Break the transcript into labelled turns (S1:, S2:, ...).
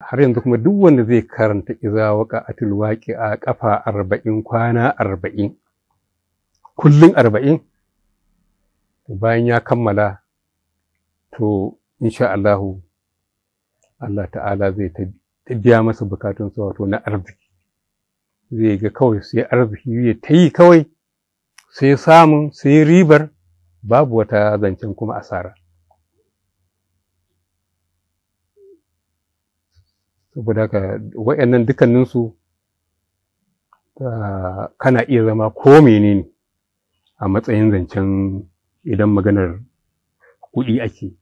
S1: har yanzu kuma duk wanda zai karanta iza waka a waki a kafa arba'in kwana arba'in kullum arba'in bayan ya kammala to insha Allahu Allah ta'ala zai ta biya masa bukatun sa wato na arziki zai ga kawai sai arziki ya ta yi kawai sai samun sai ribar babu wata zancen kuma asara saboda haka wa'annan dukkaninsu ah, kana iya zama ko menene a matsayin zancen idan maganar
S2: kuɗi ake